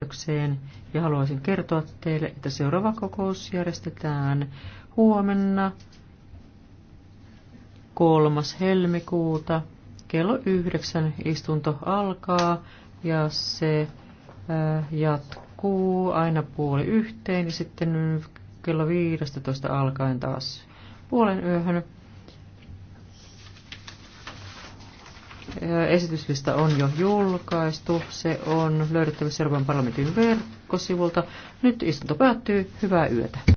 päätökseen ja haluaisin kertoa teille, että seuraava kokous järjestetään huomenna 3. helmikuuta kello 9 istunto alkaa ja se äh, jatkuu aina puoli yhteen ja sitten kello 15 alkaen taas puolen yöhön. Esityslista on jo julkaistu. Se on löydettävissä Euroopan parlamentin verkkosivulta. Nyt istunto päättyy. Hyvää yötä.